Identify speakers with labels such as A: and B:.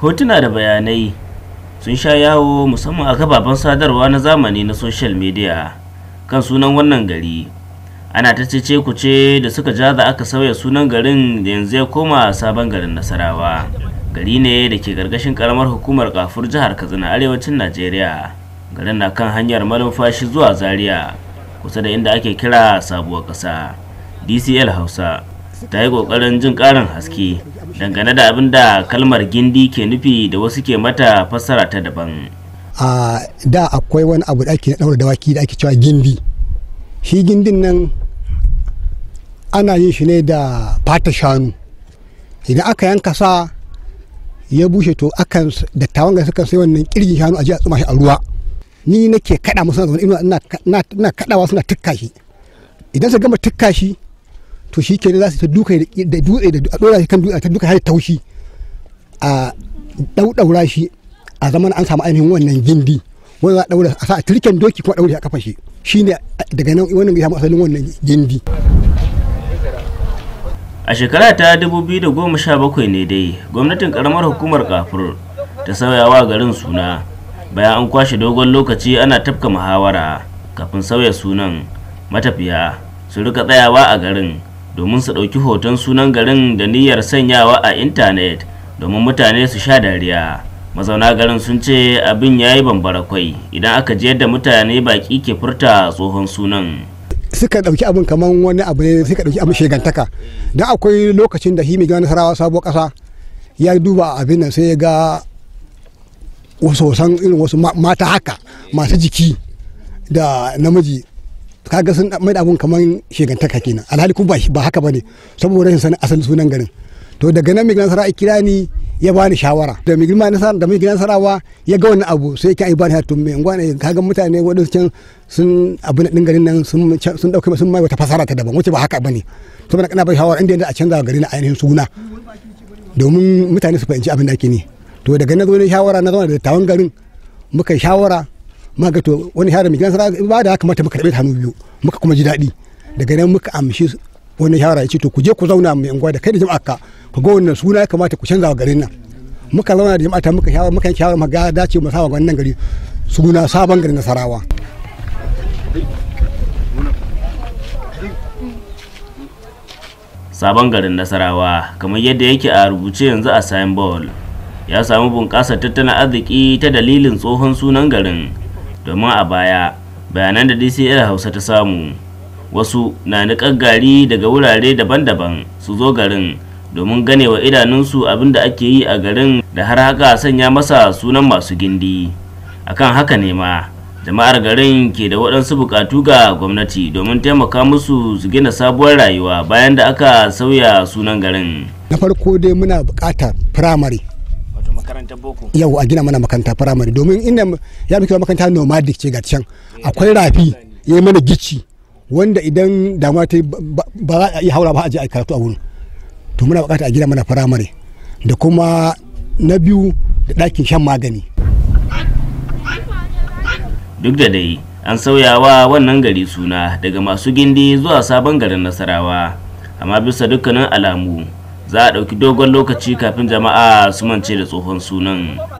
A: hotuna da bayanai sun sha yawo musamman a kafafen sadarwa na zamani na social media kan sunan wannan gari ana ta cece ce da suka ja da aka sauya sunan garin da yanzu ya koma sabon garin nasarawa gari ne da ke gargashin karamar hukumar kafur jihar katsina arewacin najeriya garin na kan hanyar malumfashi zuwa zaria kusa da inda ake kira sabuwar ƙasa dcl hausa ta yi kokarin jin karin haske dangane da abin da kalmar gindi ke nufi da wasu ke mata fassara ta daban
B: a da akwai wani abu da ake daura dawaki da ake cewa gindi shi gindin nan ana yin shi ne da fata shanu idan aka yanka sa ya bushe to akan da tawon ga suka sai wannan kirgin shanu a ji a tsuma shi a ruwa ni nake kada musu na ina na kadawa suna tukka shi idan su gama tukka shi to shi kenan za su ta duka da dutse da a dora kan dutse ta duka har taushi a daudaura shi a zaman an samu ainihin wannan gindi wanda za a daura a sa a turken doki kuma daure a kafa shi shine daga nan wannan ya samu asalin wannan gindi
A: a shekara ta 2017 ne dai gwamnatin karamar hukumar kafur ta sauyawa garin suna bayan an kwashe dogon lokaci ana tafka muhawara kafin sauya sunan matafiya su rika tsayawa a garin domin su ɗauki hoton sunan garin da niyyar sanyawa a intanet domin mutane su sha dariya mazauna garin sun ce abin ya yi bambarakwai idan aka je yadda mutane baki ke furta tsohon sunan
B: suka ɗauki abin kamar wani abu ne suka ɗauki abin shagantaka don akwai lokacin da himi gani sarawa sabuwar ƙasa ya duba abin nan sai ya ga wasu wasan irin wasu mata haka masu jiki da namiji kaga sun mai abun kaman shigantaka kenan alhali kuma ba haka bane saboda rashin sanin asalin sunan garin to daga nan mai gidan kira ni ya bani shawara da mai girma nasara da mai sarawa ya ga wani abu sai yake ai bani hatu mai ngwana kaga mutane wadansu can sun abu din garin nan sun sun dauke sun mai wata fasara ta daban wace ba haka bane saboda kana bai shawara inda a canza garin ainihin suna domin mutane su fahimci abin da ke ni to daga nan zo ne shawara na zama da tawon garin muka shawara ma ga to wani shawara mai gidan ba da kamata muka karɓe hannu biyu muka kuma ji daɗi daga nan muka amshi wani shawara ya ce to ku je ku zauna mai unguwa da kai da jama'a ka ku ga wannan suna ya kamata ku canza wa garin nan muka zauna da jama'a ta muka shawara muka shawara muka ga dace mu sawa wannan gari suna sabon garin Nasarawa
A: sabon garin Nasarawa kamar yadda yake a rubuce yanzu a signboard ya samu bunƙasar tattalin arziki ta dalilin tsohon sunan garin domin a baya bayanan da dcl hausa ta samu wasu na niƙar gari daga wurare daban-daban su zo garin domin ganewa idanunsu abin da ake yi a garin da har haka sanya masa sunan masu gindi akan haka ne ma jama'ar garin ke da waɗansu buƙatu ga gwamnati domin taimaka musu su gina sabuwar rayuwa bayan da aka sauya sunan
B: garin na farko dai muna buƙatar firamare makarantar boko yau a gina mana makaranta firamare domin inda ya muke makaranta nomadic ce ga can eh, akwai rafi ya yi mana gici wanda idan damuwa ta ba za a iya haura ba a je a karatu a wurin to muna bukata a gina mana firamare da kuma na biyu da dakin shan magani
A: duk da dai an sauyawa wannan gari suna daga masu gindi zuwa sabon garin nasarawa amma bisa dukkanin alamu za a ɗauki dogon lokaci kafin jama'a su mance da tsohon sunan